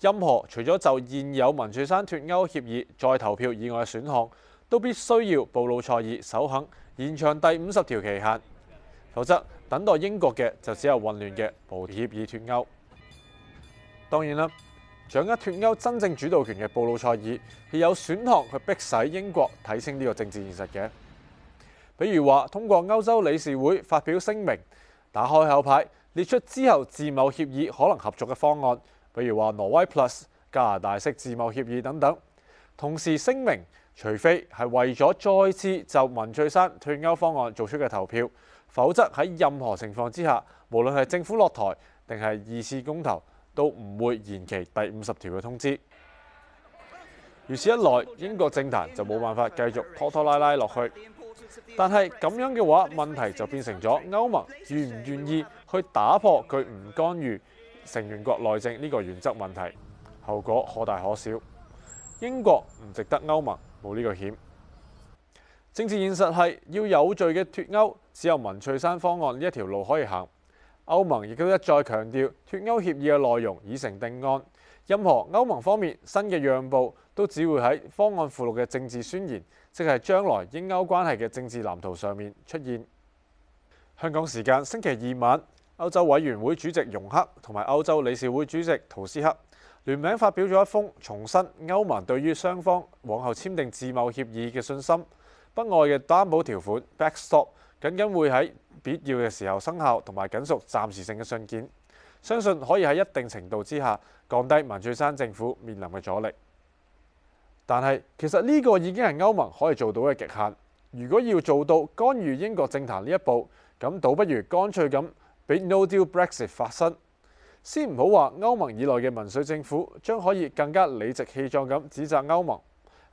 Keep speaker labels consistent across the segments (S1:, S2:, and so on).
S1: 任何除咗就現有文翠珊脫歐協議再投票以外嘅選項，都必須要布魯塞爾首肯延長第五十條期限，否則等待英國嘅就只有混亂嘅無協議脫歐。當然啦，掌握脫歐真正主導權嘅布魯塞爾係有選項去迫使英國睇清呢個政治現實嘅，比如話通過歐洲理事會發表聲明，打開口牌，列出之後自貿協議可能合作嘅方案。比如話挪威 Plus，加拿大式自貿協議等等，同時聲明，除非係為咗再次就文翠珊脫歐方案做出嘅投票，否則喺任何情況之下，無論係政府落台定係二次公投，都唔會延期第五十條嘅通知。如此一來，英國政壇就冇辦法繼續拖拖拉拉落去。但係咁樣嘅話，問題就變成咗歐盟願唔願意去打破佢唔干預成員國內政呢個原則問題，後果可大可小。英國唔值得歐盟冇呢個險。政治現實係要有序嘅脫歐，只有文翠山方案呢一條路可以行。歐盟亦都一再強調，脫歐協議嘅內容已成定案，任何歐盟方面新嘅讓步都只會喺方案附錄嘅政治宣言，即係將來英歐關係嘅政治藍圖上面出現。香港時間星期二晚。歐洲委員會主席容克同埋歐洲理事會主席圖斯克聯名發表咗一封，重申歐盟對於雙方往後簽訂自貿協議嘅信心。北愛嘅擔保條款 backstop 僅僅會喺必要嘅時候生效，同埋僅屬暫時性嘅信件，相信可以喺一定程度之下降低文翠珊政府面臨嘅阻力。但係其實呢個已經係歐盟可以做到嘅極限。如果要做到干預英國政壇呢一步，咁倒不如乾脆咁。俾 No Deal Brexit 發生。先唔好話歐盟以內嘅民粹政府將可以更加理直氣壯咁指責歐盟，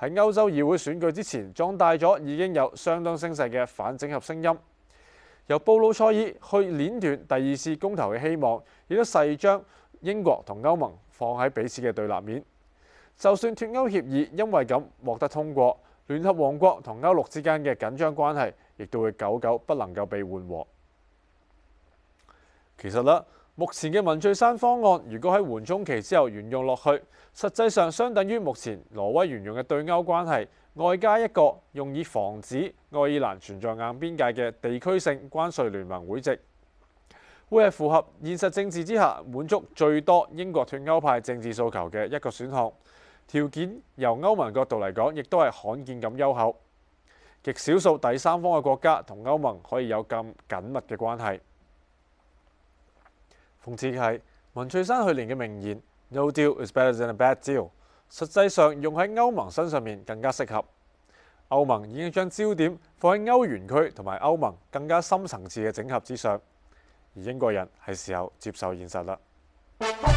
S1: 喺歐洲議會選舉之前壯大咗已經有相當聲勢嘅反整合聲音。由布魯塞爾去捻斷第二次公投嘅希望，亦都誓將英國同歐盟放喺彼此嘅對立面。就算脱歐協議因為咁獲得通過，聯合王國同歐陸之間嘅緊張關係，亦都會久久不能夠被緩和。其實呢目前嘅文翠珊方案，如果喺緩衝期之後沿用落去，實際上相等於目前挪威沿用嘅對歐關係，外加一個用以防止愛爾蘭存在硬邊界嘅地區性關稅聯盟會籍，會係符合現實政治之下滿足最多英國脱歐派政治訴求嘅一個選項。條件由歐盟角度嚟講，亦都係罕見咁優厚，極少數第三方嘅國家同歐盟可以有咁緊密嘅關係。諷刺嘅係，文翠珊去年嘅名言 “No deal is better than a bad deal”，實際上用喺歐盟身上面更加適合。歐盟已經將焦點放喺歐元區同埋歐盟更加深層次嘅整合之上，而英國人係時候接受現實啦。